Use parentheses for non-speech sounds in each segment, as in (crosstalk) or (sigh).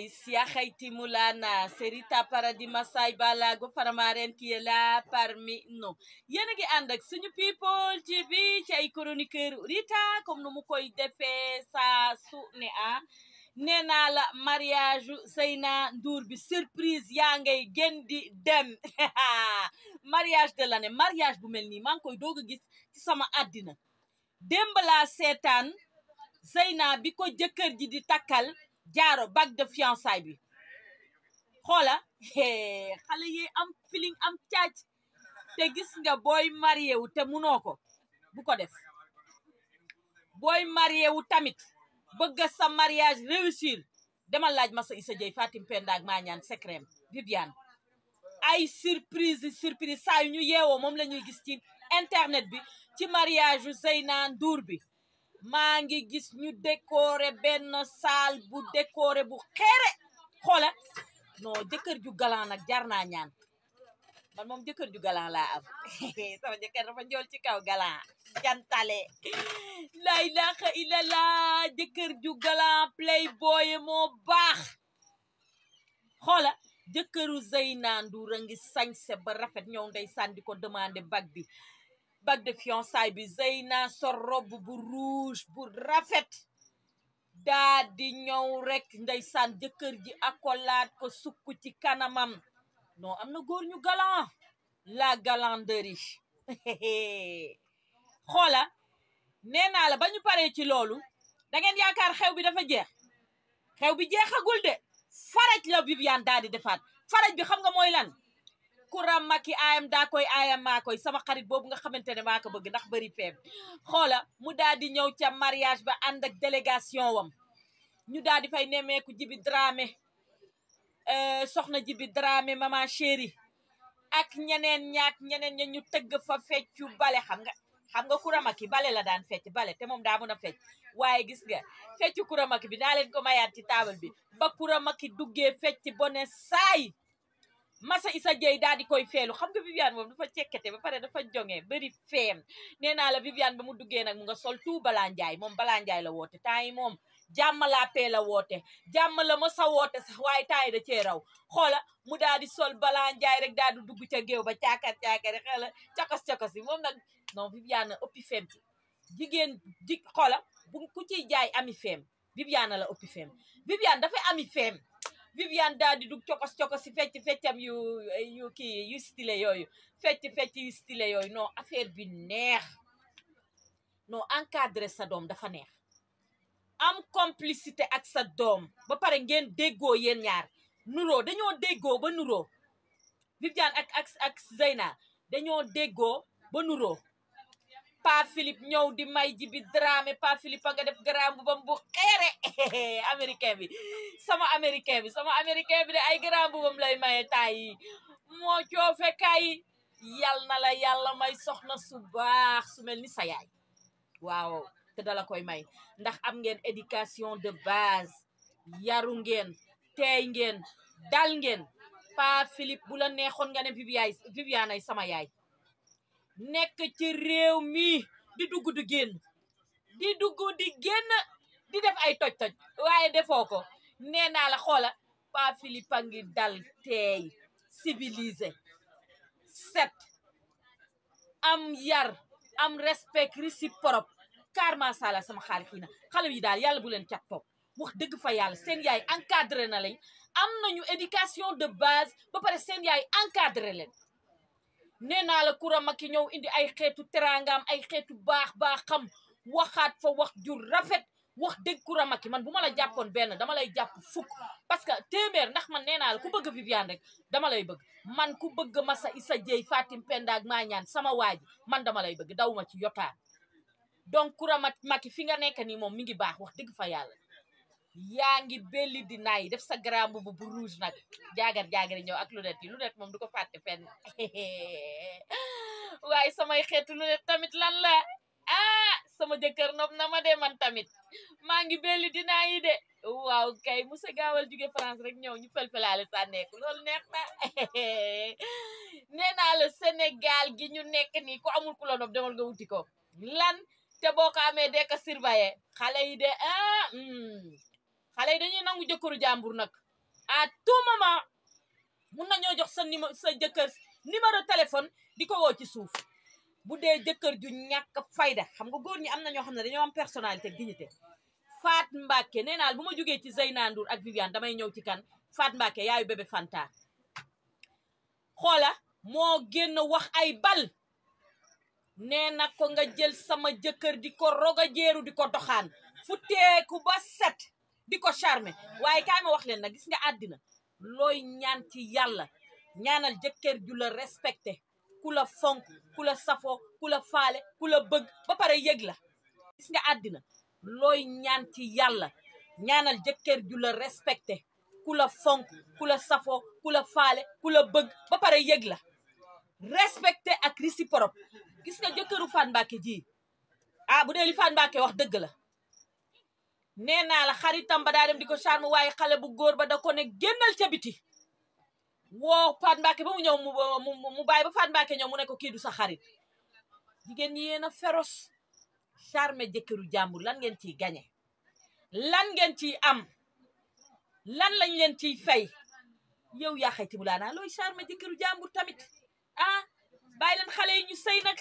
Aïsia Haïti Moulana Serita Paradis Massay Balago Faramaren qui est là parmi nous yéen a ngi ànd ak suñu people TV ci ay chroniqueur Rita comme nu mu koy defe saa su ne a ah. nee naa la mariage Zeyna Ndour bi surprise yaa ngay gën di dem (laughs) mariage de l'année mariage bu mel nii maa ngi koy doog a gis ci sama àddina démb laa seetaan bi ko jëkkër ji di takkal jaaro bag de fiançailles bi xoola (laughs) xale yi am feeling am caac te gis nga booy marié wu te munoo ko bu ko def booy marié wu tamit bëgga sa mariage réussir demal laaj ma sa Issa Dieye Fatim Penda ak maa ñaan secret ay surprise surprise saa yu ñu yeewoo moom la gis ci internet bi ci mariage sey Zeyna duur bi maa ngi gis ñu décoré benn saal bu décoré bu xeere xoola non jëkkër ju galan nag jar naa ñaan man moom jëkkër ju galan la am (laughs) sama jëkkër dafa njool ci kaw galan jantale la ilaha illallah jëkkër ju galan playboy moo baax xoola jëkkëru Zeyna Ndour a ngi sañse ba rafet ñëw ndey sàndi ko demandé bag bi bague de fiançailles bi Zeyna sor robe bu rouge bu rafet daa di ñëw rek saan jëkkër ji accolade ko sukk ci kanamam non am na góor ñu galant la galanterie (laughs) xoola nee naa la bañu paree ci loolu da ngeen yaakaar xew bi dafa jeex xew bi jeexagul de faraj la Viviane daal di defaat faraj bi xam nga mooy lan kuram maki ayam daa koy ayam maa koy sama xarit boobu nga xamante ne maa ko bëgg ndax bëri feeb xoola mu daal di ñëw ca mariage ba ànd ak délégation wam ñu daal di fay nemmeeku jibi dramé euh, soxna jibi dramé maman chérie ak ñeneen ñaak ñeneen ña ñu tëgg fa feccu bale xam nga xam nga kuramaki bale la daan fecc bale te moom daa mën a fecc waaye gis nga feccu maki bi naa leen ko mayaat ci taabal bi ba kuramaki duggee fecc bone saay Massa Issa Dieye daal di koy feelu xam ga Viviane moom dafa cekkete ba pare dafa jonge bëri feem ne naa la Viviane ba mu duggee nag mu nga sol tout Bala Ndiaye moom Bala Ndiaye la woote temps yi moom jàmm laa pee la woote jàmm la ma sa sax waaye temps yi da cee raw xoola mu daal di sol Bala Ndiaye rek daal di dugg ca géew ba caakar caakar xoola cokos cokos yi moom nag non Viviane ëppi feem ci jigéen di xoola bu ku ciy jaay ami fem Viviane la ëppi feem Viviane dafay ami feem Viviane daal di cokos cokos si fecc feccam yu yu yu style yooyu fecc fecc yu style yooyu noo affaire bi neex non encadré sa doom dafa neex am complicité ak sa doom ba pare ngeen déggoo yéen ñaar nuroo dañoo déggoo ba nuroo Viviane ak ak ak Zeyna dañoo déggoo ba nuroo pa Philippe ñëw di may ji bi Dramé pa nga def gara bu bam (laughs) bu américain bi sama américain bi sama américain bi de ay garaam bu lay maye taay yi moo coofe kaay yal na yàlla may soxna su baax su mel ni sa yaay waaw te dala koy may ndax am ngeen éducation de base yaru ngeen teey ngeen dal ngeen pa Philippe bu la neexoon nga ne Viviane sama yaay nekk ci réew mii di dugg di génn di dugg di génn di def ay toj-toj waaye defoo ko nee naa la xoola Pa Philippe a ngi dal teey civilisé set am yar am respect réciproque car masha Allah sama xaalis yi na xale yi daal yàlla bu leen cat toog wax dëgg fa yàlla seen yaay encadré na lañ am nañu éducation de base ba pare seen yaay encadré leen nee naa la Coura Macky ñëw indi ay xeetu teraangaam ay xeetu baax baax xam waxaat fa wax jur rafet wax dëgg Coura Macky man bu ma la jàppoon benn dama lay jàpp fukk parce que téeméer ndax man nee naa la ku bëgg Viviane rek dama lay bëgg man ku bëgg Massa sa Dieye Fatim Penda ak Mañaan sama waa ji man dama lay bëgg daw ma ci yotaan donc Coura Macky fi nga nekk nii moom mi ngi baax wax dëgg fa yàlla yaa ngi belli di naay def sa grand bu rouge nag jaagar jaagar ñëw ak lu lunette lu lunette moom du ko fàtte fenn (laughs) waaye samay xeetu lunette tamit lan la ah sama jëkkër nopp na ma de man tamit maa ngi belli di naay de waaw kay Moussa gaawal jóge France rek ñëw ñu felfelaale sa nekk loolu neex na (laughs) nee naa Sénégal gi ñu nekk nii ko amul ku la nopp demal ga wuti ko lan te boo ko amee de ka surveiller xale yi de ah. Hmm. xale yi dañuy nangu jëkkëru jàmbur nag a tout moment mun nañoo jox sa numéro sa jëkkër numéro téléphone di ko woo ci suuf bu dee jëkkër ju ñakk fayda xam nga góor ñi am na ñoo xam ne dañoo am personnalité dignité Faat mbake nee naa bu ma jógee ci Zeyna ak Viviane damay ñëw ci kan Faat Mbacke yaayu bébé Fanta xoola moo génn wax ay bal ne na ko nga jël sama jëkkër di ko a jeeru di ko doxaan futteeku ba set di ko charmer waaye kaay ma wax leen nag gis nga àddina looy ñaan ci yàlla ñaanal jëkkër ju respecté ku la fonk ku la safoo ku la faale ku la bëgg ba pare yëg la gis nga àddina looy ñaan ci yàlla ñaanal jëkkër ju respecté ku la fonk ku la safoo ku la faale ku la bëgg ba pare yëg la respecté ak réciproque gis nga jëkkëru Fane Mbacké ji a ah, bu dee li Fane Mbacké wax dëgg la nee naa la xaritam ba daa dem di ko charme waaye xale bu góor ba da ko ne génnal ca biti woo Faat Mbàkke ba mu ñëw mu mu bàyyi ba Faat Mbàkke ñëw mu ne ko kii du sa xarit jigéen ñi yéen a féroce charme jëkkëru jàmbur lan ngeen ciy gañe lan ngeen ciy am lan lañ leen ciy fay yow yaa xayti bu laanaa looy charme jëkkëru jàmbur tamit ah bàyyi leen xale yi ñu sëy nag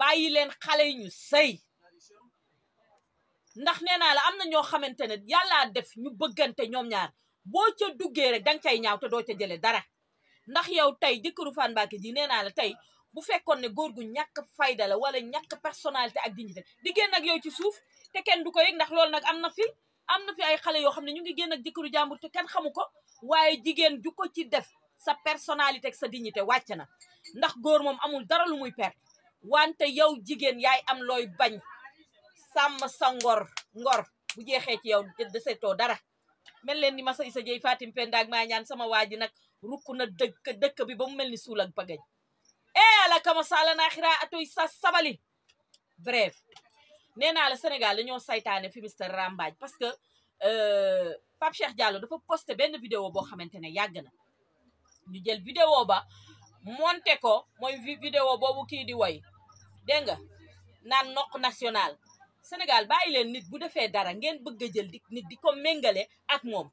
bàyyi leen xale yi ñu sëy ndax nee naa la am na ñoo xamante ne yàllaa def ñu bëggante ñoom ñaar boo ca duggee rek danga cay ñaaw te doo ca jëlee dara ndax yow tey jëkkëru Fane Mbacké ji nee naa la tey bu fekkoon ne góor gu ñàkk fayda wala ñàkk personnalité ak dignité di génn ak yow ci suuf te kenn du ko yëg ndax loolu nag am na fi am na fi ay xale yoo xam ne ñu ngi génn ak jëkkëru jàmbur te kenn xamu ko waaye jigéen ju ko ci def sa personnalité ak sa dignité wàcc na ndax góor moom amul dara lu muy perte wante yow jigéen yaay am looy bañ sàmm sa ngor ngor bu jeexee ci yow desetoo dara mel leen ni Massa Issa Dieye Fatim Penda ak sama waa ji nag rukk dëkk dëkk bi ba mu mel ni suul ak bagañ e ala kama sala naaxira atoy sa sabali bref nee naa la Sénégal dañoo saytaane fi mister rambaaj parce que euh, Pape Cheikh Diallo dafa posté benn vidéo boo xamante ne yàgg na ñu jël vidéo ba monté ko mooy vidéo boobu kii di woy dégg nga naan national Sénégal bàyyi leen nit bu defee dara ngeen bëgg a jël di nit di ko méngale ak moom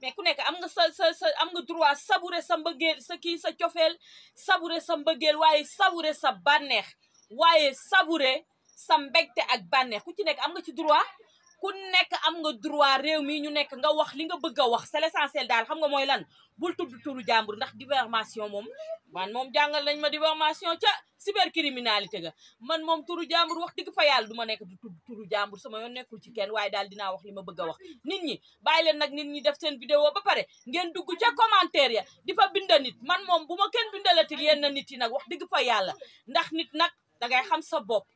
mais ku nekk am nga sa sa sa am nga droit savourer sa mbëggeel sa kii sa cofeel sabure sa mbëggeel waaye savourer sa bànneex waaye savourer sa mbegte ak bànneex ku ci nekk am nga ci droit ku nekk am nga droit réew mi ñu nekk nga wax li nga bëgg a wax c'est l'essentiel daal xam nga mooy lan bul tudd turu jàmbur ndax diffamation moom man moom jàngal nañ ma diffamation ca cybercriminalité ga man moom turu jàmbur wax dëgg fa yàlla du ma nekk du tudd turu jàmbur sama yoon nekkul ci kenn waaye daal dinaa wax li ma bëgga a wax nit ñi bàyyi leen nag nit ñi def seen vidéo ba pare ngeen dugg ca commentaire ya di fa bind nit man moom bu ma kenn bindalatil yenn nit yi nag wax dëgg fa yàlla ndax nit nag dangay xam sa bopp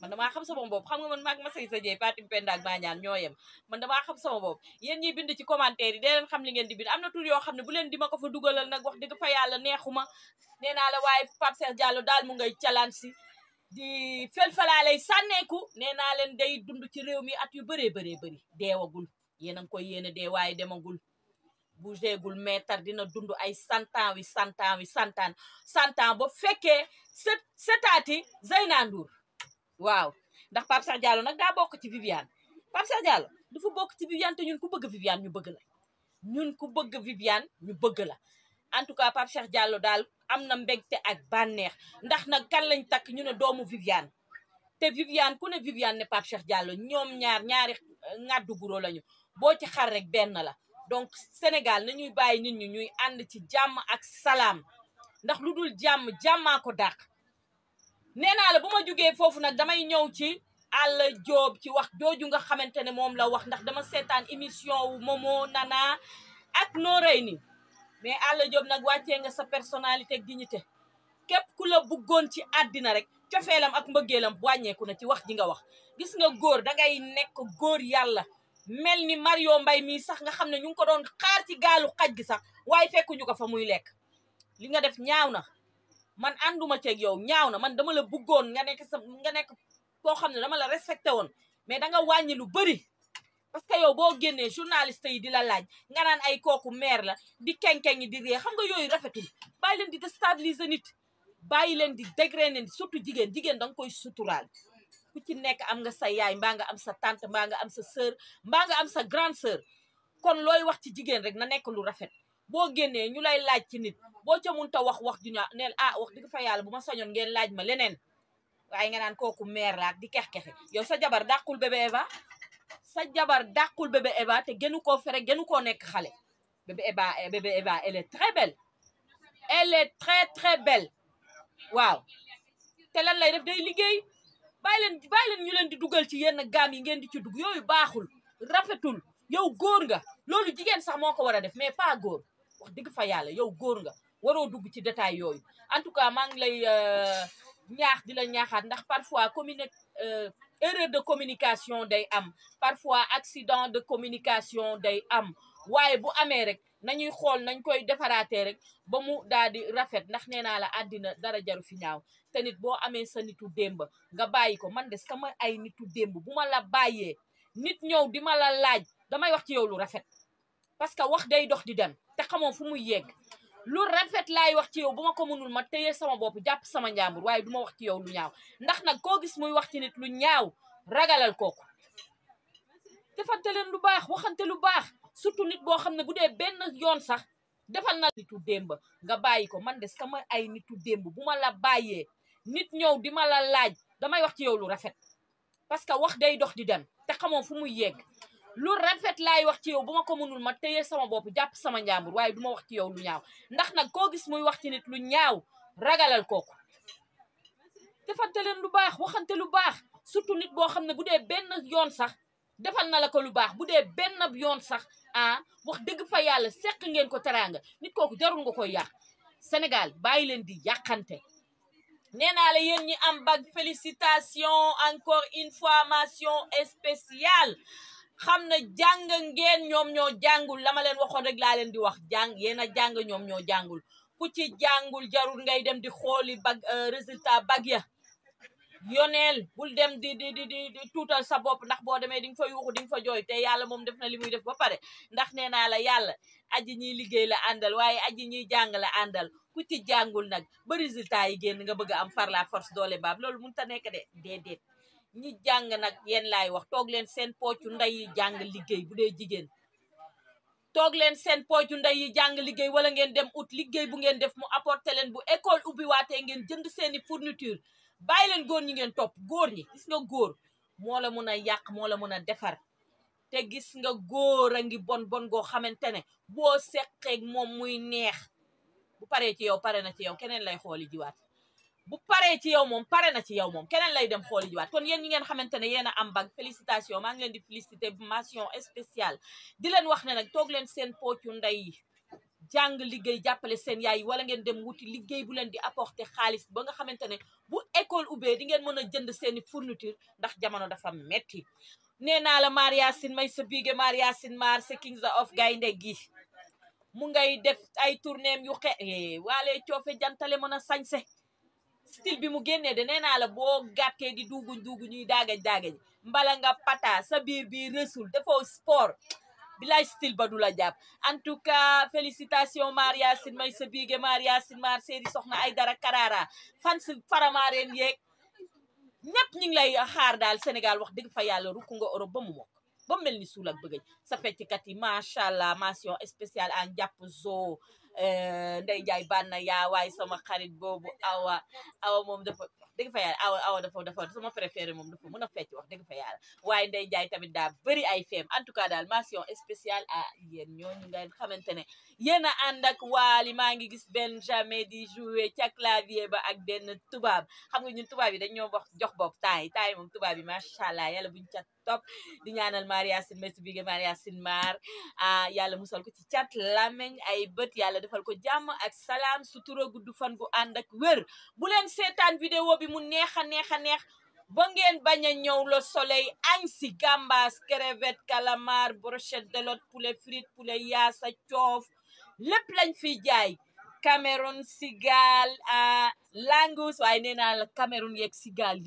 man damaa xam sama bopp xam nga man maag ma say sa jey Fatim Penda ak Mañaan ñoo yem man damaa xam sama bopp yéen ñuy bind ci commentaire yi dee xam li ngeen di bind am na tur yoo xam ne bu leen di ma ko fa dugalal nag wax dëgg fa yàlla neexuma nee naa la waaye Pape Cheikh daal mu ngay calaan si di felfalaa sànneeku nee naa leen day dund ci réew mi at yu bëree bëree bëri deewagul yéen a ngi koy yéen a dee waaye demagul bougeegul meetar dina dund ay santaan wi santaan wi santaan santaan ba fekkee set setaati Zeyna waaw ndax Pape Cheikh Diallo nag daa bokk ci Viviane Pape Cheikh Diallo dafa bokk ci Viviane te ñun ku bëgg Viviane ñu bëgg la ñun ku bëgg Viviane ñu bëgg la en tout cas Pape Cheikh daal am na mbégte ak bànneex ndax nag kan lañ takk ñu ne doomu Viviane te Viviane ku ne Viviane ne Pape Cheikh Diallo ñoom ñaar ñaari ŋàddu guro lañu boo ci xar rek benn la donc Sénégal nañuy bàyyi nit ñi ñuy ànd ci jàmm ak salaam ndax lu dul jàmm jàmmaa ko dàq nee naa la bu ma jógee foofu nag damay ñëw ci Alla Diop ci wax jooju nga xamante ne moom la wax ndax dama seetaan émission wu Momo Nana ak Noreyni mais Alla Diop nag wàccee nga sa personnalité ak dignité képp ku la buggoon ci àddina rek cofeelam ak mbëggeelam wàññeeku na ci wax ji nga wax gis nga góor dangay nekk góor yàlla mel ni Mario Mbaye mii sax nga xam ne ñu ngi ko doon xaar ci gaalu xaj gi sax waaye fekkuñu ko fa muy lekk li nga def ñaaw na man ànduma ceeg yow ñaaw na man dama la bëggoon nga nekk sa nga nekk koo xam ne dama la respecté woon mais danga nga wàññi lu bëri parce que yow boo génnee journaliste yi di la laaj nga naan ay kooku maire la di kenkeñ yi di ree xam nga yooyu rafetul bàyyi leen di déstabiliser nit bàyyi leen di dégrainer surtout jigéen jigéen da nga koy suturaal ku ci nekk am nga sa yaay mbaa nga am sa tante mbaa nga am sa sœur mbaa am sa grande sœur kon looy wax ci jigéen rek na nekk lu rafet boo génnee ñu lay laaj ci nit boo ca munta wax wax ju ñu neel ah wax dëgg fa yàlla bu ma sañoon ngeen laaj ma leneen waaye nga naan kooku meer laat di kex-kexe yow sa jabar dàqul bébé Eva sa jabar dàqul bébé Eva te gënu koo fere gënu koo nekk xale bébé Eva eh, bébé très très très waaw te lay def day liggéey bàyyi leen bàyyi leen ñu leen di dugal ci yenn gaam yi ngeen di ci dugg yooyu baaxul rafetul yow góor nga loolu jigéen sax moo ko war a def mais pas góor wax dëgg fa yàlla yow góor nga waroo dugg ci détail yooyu en tout cas maa ngi lay euh, ñaax di la ñaaxaat ndax parfois commune euh, erreur de communication day am parfois accident de communication day am waaye bu amee rek nañuy xool nañ koy defaraatee rek ba mu daal di rafet ndax nee naa la àddina dara jaru fi ñaaw te nit boo amee sa nitu démb nga bàyyi ko man de sama ay nitu démb bu ma la bàyyee nit ñëw di ma la laaj damay wax ci yow lu rafet parce que wax day dox di dem te xamoo fu muy yegg lu rafet laay wax ci yow bu ma ko mënul ma téye sama bopp jàpp sama njàmbur waaye du ma wax ci yow lu ñaaw ndax nag koo gis muy wax ci nit lu ñaaw ragalal kooku defante leen lu baax waxante lu baax surtout nit boo xam ne bu dee benn yoon sax defal na nitu démb nga bàyyi ko man des sama ay nitu démb bu ma la bàyyee nit ñëw di ma la laaj damay wax ci yow lu rafet parce que wax day dox di dem te xamoo fu muy yegg lu rafet laay wax ci yow bu ma ko mënul ma téye sama bopp jàpp sama njàmbur waaye du ma wax ci yow lu ñaaw ndax nag koo gis muy wax ci nit lu ñaaw ragalal kooku defante leen lu baax waxante lu baax surtout nit boo xam ne bu dee benn yoon sax defal na la ko lu baax bu dee benn yoon sax ah wax dëgg fa yàlla seq ngeen ko teraanga nit kooku jarul nga ko yàq Sénégal bàyyi leen di yàqante nee naa la yéen ñi am bag félicitation encore une formation spéciale xam na jàng ngeen ñoom ñoo jàngul la ma leen waxoon rek laa leen di wax jàng yéen a jàng ñoom ñoo jàngul ku ci jàngul jarul ngay dem di xooli bag euh, résultat bag ya yoneel bul dem di di di di tuutal sa bopp ndax boo demee di nga fa yuuxu di fa jooy te yàlla moom def na li muy def ba pare ndax nee naa la yàlla aji ñiy liggéey la àndal waaye aji ñiy jàng la àndal ku ci jàngul nag ba résultat yi génn nga bëgg am par la force doole baab loolu mënut a nekk de déedéet ñi jàng nag yéen laay wax toog leen seen poocu ndey yi jàng liggéey bu dee jigéen toog leen seen poocu ndey yi jàng liggéey wala ngeen dem ut liggéey bu ngeen def mu apporter leen bu école ubbi waatee ngeen jënd seeni fourniture bàyyi leen góor ñi ngeen topp góor ñi gis nga góor moo la mun a yàq moo la mun a defar te gis nga góor a ngi bon bon goo xamante ne boo seqeek moom muy neex bu paree ci yow pare na ci yow keneen lay xooli jiwaat bu paree ci yow moom pare na ci yow moom keneen lay dem xooli waat kon yéen ñi ngeen xamante ne yéen a am bag félicitation maa ngi leen di félicité mention spéciale di leen wax ne nag toog leen seen poocu ndey yi jàng liggéey jàppale seen yaay wala ngeen dem wuti liggéey bu leen di apporter xaalis ba nga xamante ne bu école ubbee di ngeen mën a jënd seeni fourniture ndax jamono dafa metti nee naa la Maria Sine may sa biige Maria Sine maar sa kings of gaynde gi mu ngay def ay tournéem yu xe eh, waalee jantale mën a sañse style bi mu génne de nee naa la boo gàttee di duguñ duguñuy daagaj daagaj mbala nga pata sa biir bi rësul dafoo sport bilaay style ba du la jàpp en tout cas félicitations Maria Sin may sa biige Maria Sin Mar Seydi Soxna Aïdara Karara fan si faramaareen yeeg ñëpp ñu ngi lay xaar daal Sénégal wax dëgg fa yàlla rukk nga Europe ba mu mokk ba mel ni suul ak bëggëj sa fecckat yi macha allah mention spéciale à njàpp zoo Eh, Ndeye Ndiaye bànn yaa waaye sama xarit boobu awa awa moom dafa dëgg fa yàlla awa awa dafa dafa sama préféré moom dafa mën a fecc wax dëgg fa yàlla waaye Ndeye jaay tamit daa bëri ay feem en tout cas daal mention spéciale a yéen ñooñu nga xamante ne yéen a ànd ak waali maa ngi gis Benjamin di jouer ca clavier ba ak benn tubaab xam nga ñun tubaab yi dañ ñoo wax jox bopp temps yi temps yi tubaab yi macha allah yàlla buñ ca top di ñaanal Maria Sin Messi Bigué Maria Sin Mar ah yàlla musal defal ko jàmm ak salaam sutura gudd fan gu ànd ak wér bu leen seetaan vidéo bi mu neex a neex a neex ba ngeen bañ a ñëw le soleil añ si gambas crevette calamar brochette de lot poulet frite poulet yaasa coof lépp lañ fiy jaay Cameroun sigaal ah, langus waaye nee naa la Cameroun yeeg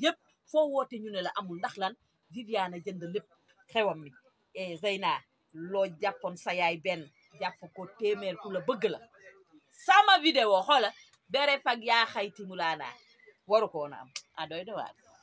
yépp foo woote ñu ne la amul ndax lan Viviane jënd lépp xewam mi eh, Zeyna loo jàppoon sa yaay benn jàpp ko téeméer ku la bëgg la sama vidéo xoola bere fag yaa xayti mulaanaa waru koona am a ah, doy na